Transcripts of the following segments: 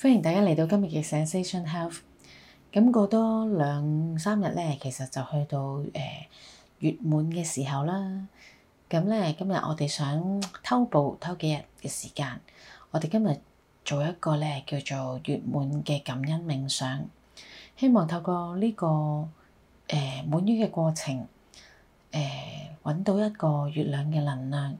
歡迎大家嚟到今日嘅 Zensation Health。咁過多兩三日咧，其實就去到誒月滿嘅時候啦。咁咧，今日我哋想偷步偷幾日嘅時間，我哋今日做一個咧叫做月滿嘅感恩冥想。希望透過呢個誒滿月嘅過程，誒搵到一個月亮嘅能量。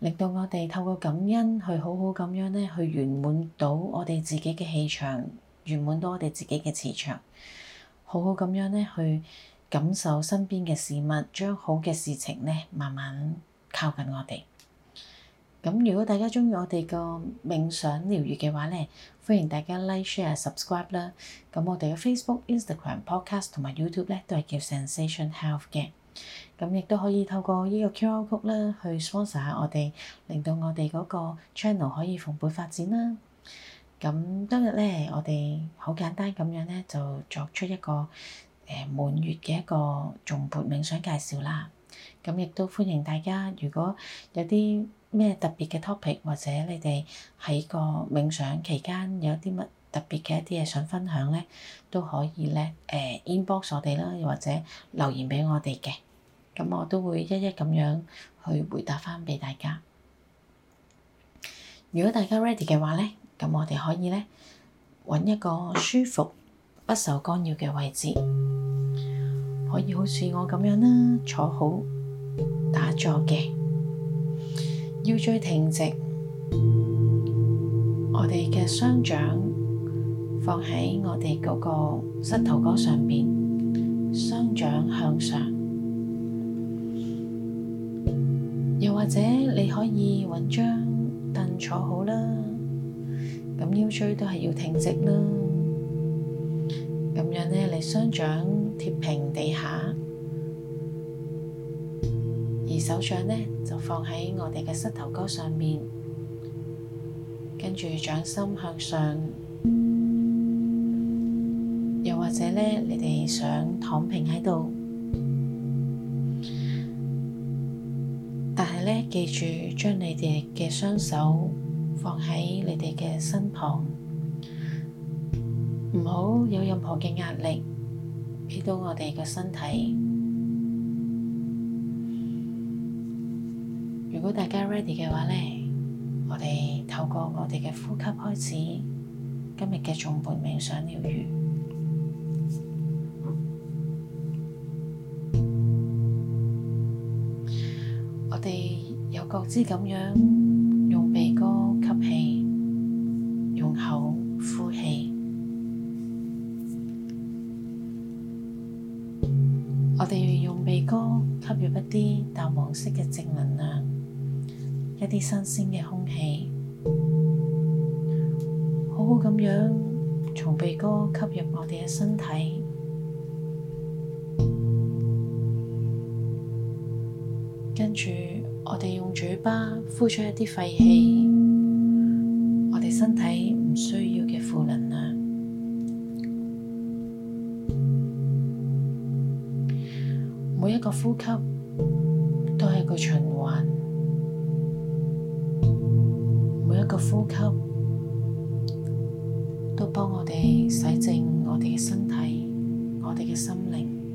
令到我哋透過感恩去好好咁樣咧，去圓滿到我哋自己嘅氣場，圓滿到我哋自己嘅磁場，好好咁樣咧去感受身邊嘅事物，將好嘅事情咧慢慢靠近我哋。咁如果大家鍾意我哋個冥想療癒嘅話咧，歡迎大家 like、share、subscribe 啦。咁我哋嘅 Facebook、Instagram、Podcast 同埋 YouTube 咧，都係叫 Zensation Health 嘅。咁亦都可以透過呢個 QR Code 啦，去 sponsor 下我哋，令到我哋嗰個 channel 可以蓬勃發展啦。咁今日咧，我哋好簡單咁樣咧，就作出一個誒、呃、滿月嘅一個頌缽冥想介紹啦。咁亦都歡迎大家，如果有啲咩特別嘅 topic，或者你哋喺個冥想期間有啲乜特別嘅一啲嘢想分享咧，都可以咧誒、呃、inbox 我哋啦，又或者留言俾我哋嘅。咁我都會一一咁樣去回答翻畀大家。如果大家 ready 嘅話咧，咁我哋可以咧揾一個舒服、不受干擾嘅位置，可以好似我咁樣啦，坐好打坐嘅，腰椎挺直，我哋嘅雙掌放喺我哋嗰個膝頭哥上邊，雙掌向上。又或者你可以揾張凳坐好啦，咁腰椎都係要挺直啦。咁樣呢，你雙掌貼平地下，而手掌呢，就放喺我哋嘅膝頭哥上面，跟住掌心向上。又或者呢，你哋想躺平喺度。記住將你哋嘅雙手放喺你哋嘅身旁，唔好有任何嘅壓力俾到我哋嘅身體。如果大家 ready 嘅話咧，我哋透過我哋嘅呼吸開始今日嘅頌缽冥想療愈。覺知咁樣用鼻哥吸氣，用口呼氣。我哋要用鼻哥吸入一啲淡黃色嘅正能量，一啲新鮮嘅空氣，好好咁樣從鼻哥吸入我哋嘅身體，跟住。我哋用嘴巴呼出一啲廢氣，我哋身體唔需要嘅負能量。每一個呼吸都係一個循環，每一個呼吸都幫我哋洗淨我哋嘅身體，我哋嘅心靈。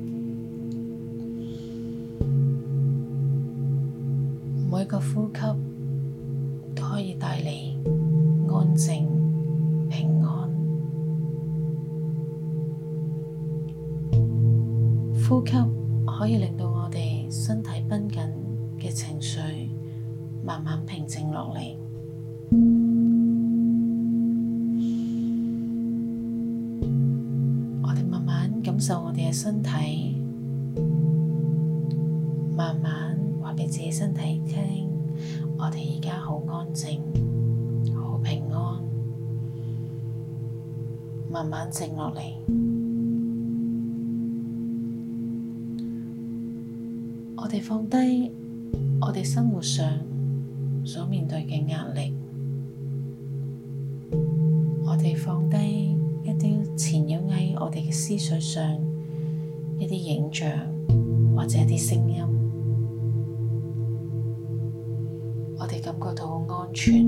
一個呼吸都可以帶嚟安靜、平安。呼吸可以令到我哋身體繃緊嘅情緒慢慢平靜落嚟。我哋慢慢感受我哋嘅身體，慢慢。俾自己身體聽，我哋而家好安靜，好平安，慢慢靜落嚟。我哋放低我哋生活上所面對嘅壓力，我哋放低一啲纏繞喺我哋嘅思緒上一啲影像或者一啲聲音。完全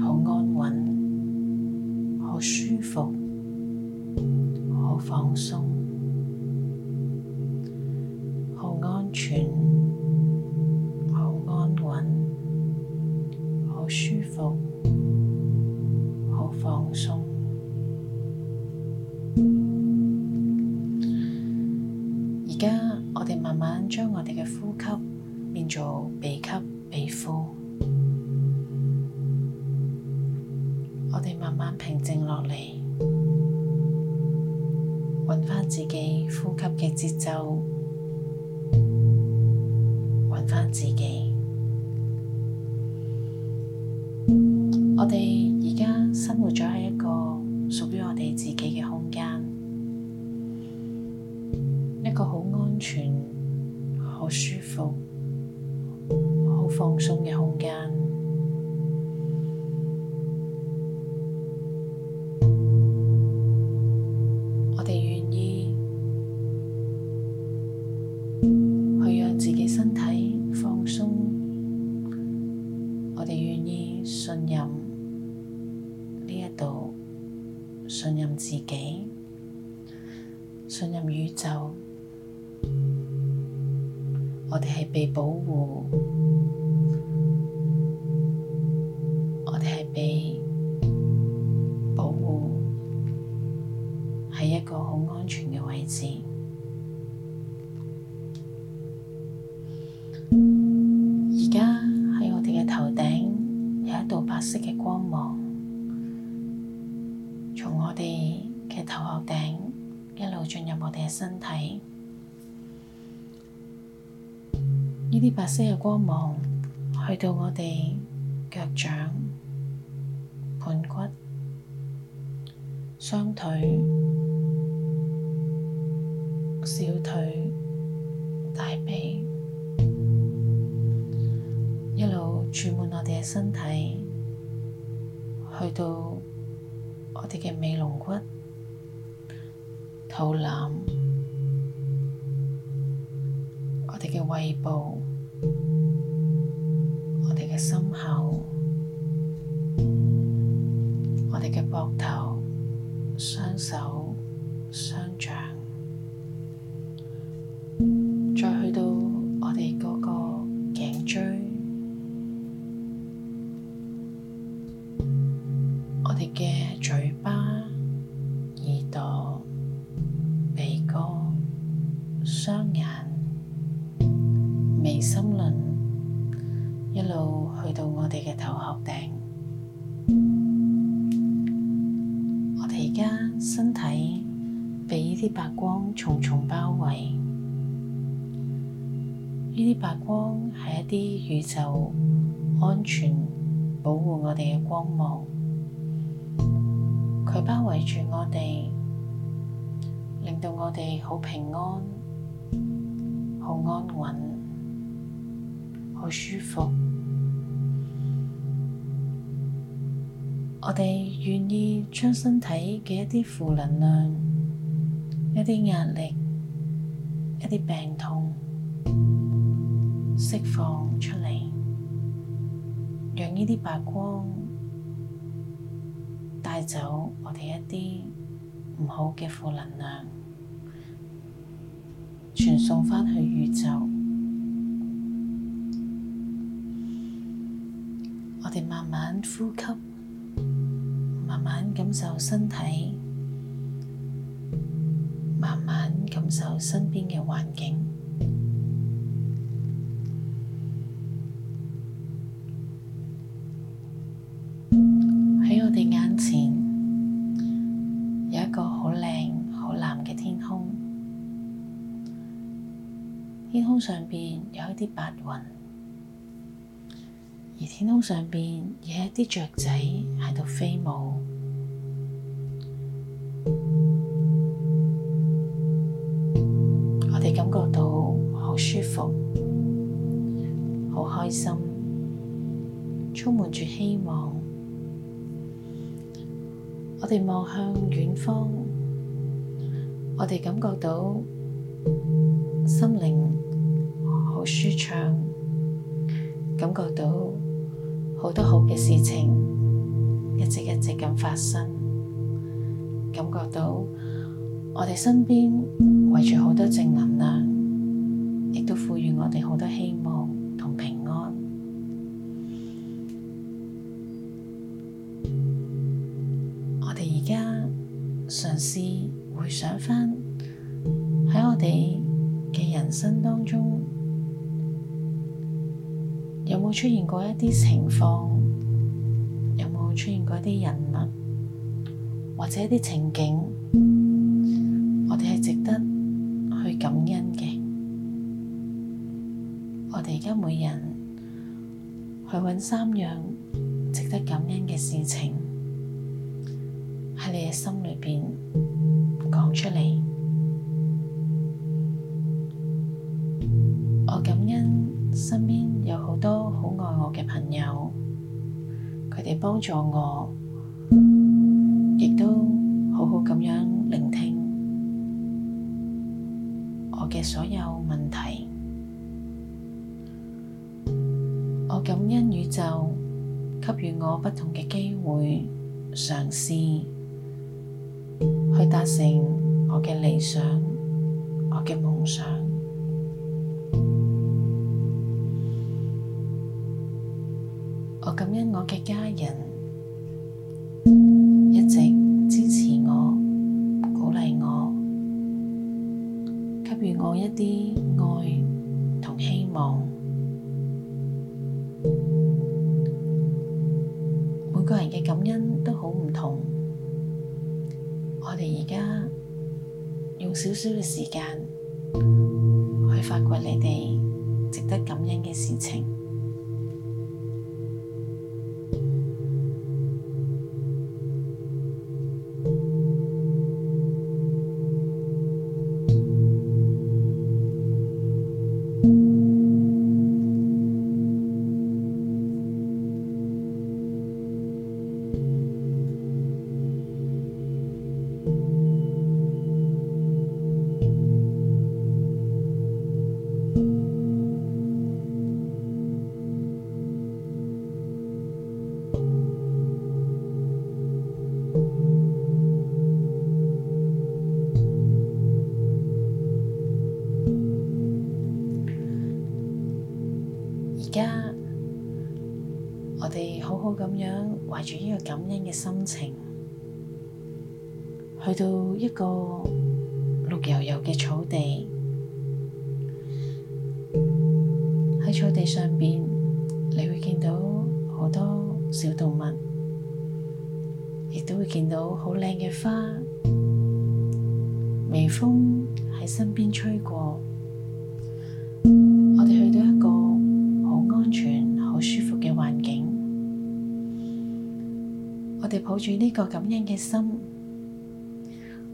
好安穩，好舒服，好放鬆，好安全。揾返自己。我哋而家生活咗喺一個屬於我哋自己嘅空間，一個好安全、好舒服、好放鬆嘅空間。信任自己，信任宇宙，我哋係被保護。呢啲白色嘅光芒，去到我哋腳掌、盆骨、雙腿、小腿、大髀，一路注滿我哋嘅身體，去到我哋嘅尾龍骨、肚腩。我哋嘅胃部，我哋嘅心口，我哋嘅膊頭、雙手、雙掌。包圍呢啲白光係一啲宇宙安全保護我哋嘅光芒，佢包圍住我哋，令到我哋好平安、好安穩、好舒服。我哋願意將身體嘅一啲負能量、一啲壓力，一啲病痛釋放出嚟，讓呢啲白光帶走我哋一啲唔好嘅負能量，傳送翻去宇宙。我哋慢慢呼吸，慢慢感受身體。感受身邊嘅環境。喺我哋眼前有一個好靚、好藍嘅天空，天空上面有一啲白雲，而天空上面有一啲雀仔喺度飛舞。住希望，我哋望向遠方，我哋感覺到心靈好舒暢，感覺到好多好嘅事情一直一直咁發生，感覺到我哋身邊圍住好多正能量，亦都賦予我哋好多希望。人生當中有冇出現過一啲情況？有冇出現過一啲人物或者一啲情景？我哋係值得去感恩嘅。我哋而家每人去搵三樣值得感恩嘅事情，喺你嘅心裏面講出嚟。幫助我，亦都好好咁樣聆聽我嘅所有問題。我感恩宇宙給予我不同嘅機會，嘗試去達成我嘅理想，我嘅夢想。我感恩我嘅家人一直支持我、鼓勵我，給予我一啲愛同希望。每個人嘅感恩都好唔同，我哋而家用少少嘅時間去發掘你哋值得感恩嘅事情。咁樣懷住呢個感恩嘅心情，去到一個綠油油嘅草地，喺草地上邊，你會見到好多小動物，亦都會見到好靚嘅花，微風喺身邊吹過。我哋抱住呢個感恩嘅心，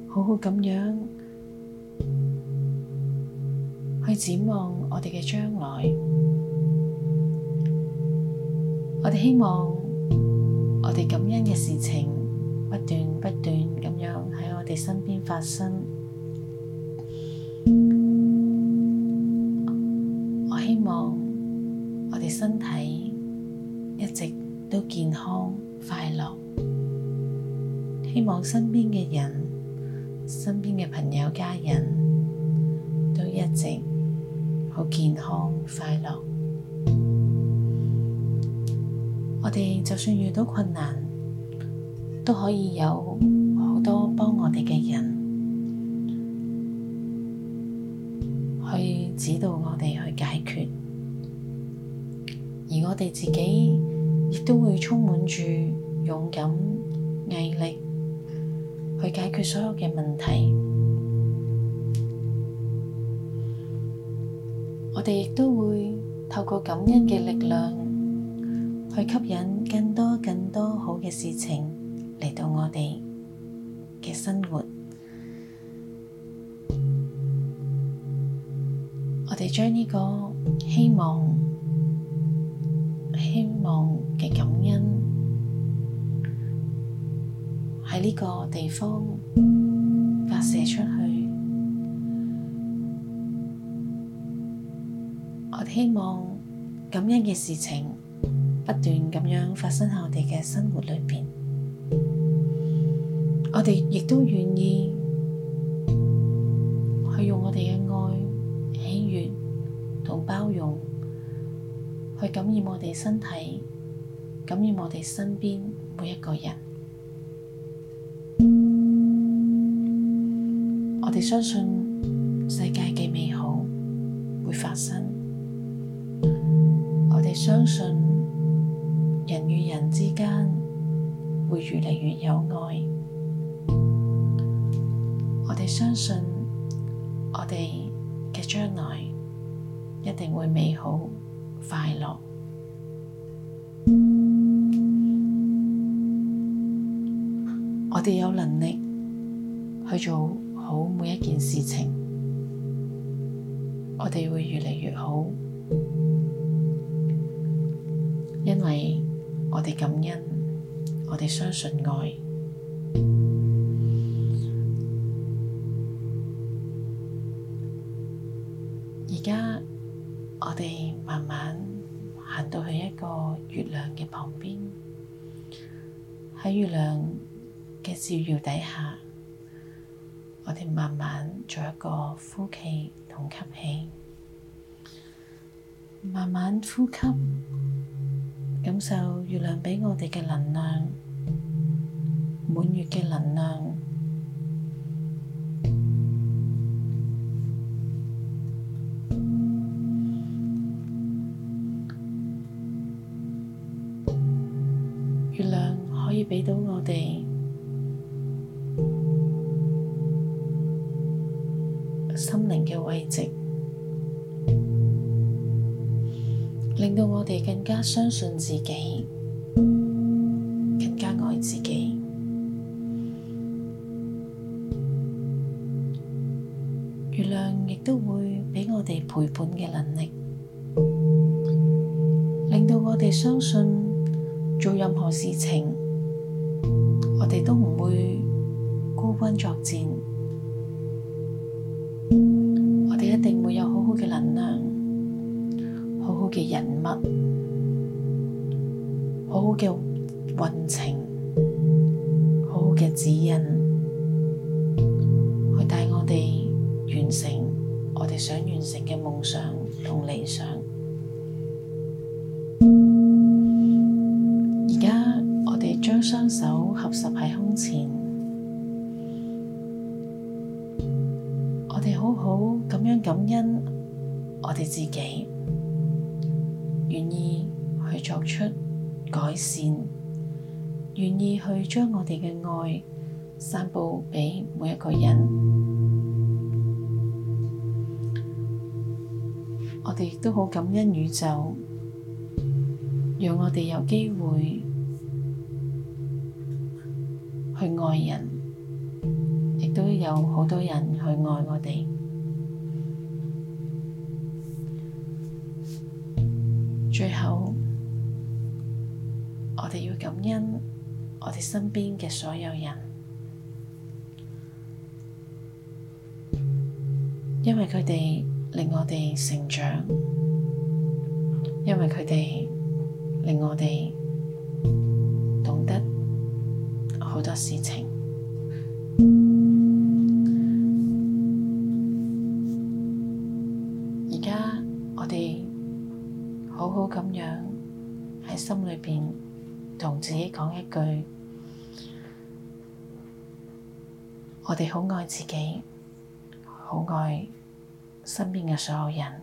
好好咁樣去展望我哋嘅將來。我哋希望我哋感恩嘅事情不斷不斷咁樣喺我哋身邊發生。我希望我哋身體一直都健康快樂。希望身邊嘅人、身邊嘅朋友、家人，都一直好健康、快樂。我哋就算遇到困難，都可以有好多幫我哋嘅人去指導我哋去解決，而我哋自己亦都會充滿住勇敢、毅力。佢所有嘅問題，我哋亦都會透過感恩嘅力量，去吸引更多更多好嘅事情嚟到我哋嘅生活。我哋將呢個希望、希望嘅感恩喺呢個地方發射出去，我希望感恩嘅事情不斷咁樣發生喺我哋嘅生活裏邊。我哋亦都願意去用我哋嘅愛、喜悦同包容去感染我哋身體，感染我哋身邊每一個人。我哋相信世界嘅美好會發生，我哋相信人與人之間會越嚟越有愛，我哋相信我哋嘅將來一定會美好快樂，我哋有能力去做。好每一件事情，我哋會越嚟越好，因為我哋感恩，我哋相信愛。而家我哋慢慢行到去一個月亮嘅旁邊，喺月亮嘅照耀底下。我哋慢慢做一個呼氣同吸氣，慢慢呼吸，感受月亮畀我哋嘅能量，滿月嘅能量。心靈嘅位置，令到我哋更加相信自己。嘅人物，好好嘅運程，好好嘅指引，去帶我哋完成我哋想完成嘅夢想同理想。而家我哋將雙手合十喺胸前，我哋好好咁樣感恩我哋自己。願意去作出改善，願意去將我哋嘅愛散佈畀每一個人。我哋亦都好感恩宇宙，讓我哋有機會去愛人，亦都有好多人去愛我哋。最後，我哋要感恩我哋身邊嘅所有人，因為佢哋令我哋成長，因為佢哋令我哋懂得好多事情。心裏邊同自己講一句，我哋好愛自己，好愛身邊嘅所有人，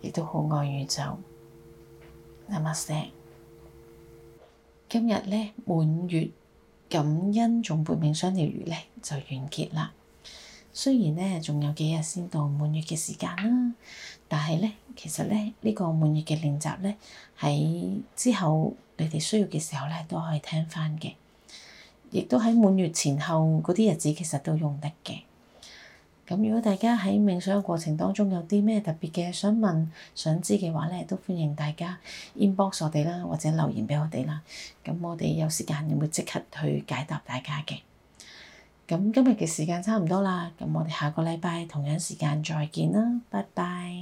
亦都好愛宇宙。Namaste。今日呢，滿月感恩頌缽冥想療癒呢，就完結啦。雖然呢，仲有幾日先到滿月嘅時間啦，但係呢，其實呢，呢個滿月嘅練習呢，喺之後你哋需要嘅時候呢，都可以聽翻嘅。亦都喺滿月前後嗰啲日子，其實都用得嘅。咁如果大家喺冥想嘅過程當中有啲咩特別嘅想問、想知嘅話呢，都歡迎大家 inbox 我哋啦，或者留言畀我哋啦。咁我哋有時間會即刻去解答大家嘅。咁今日嘅時間差唔多啦，咁我哋下個禮拜同樣時間再見啦，拜拜。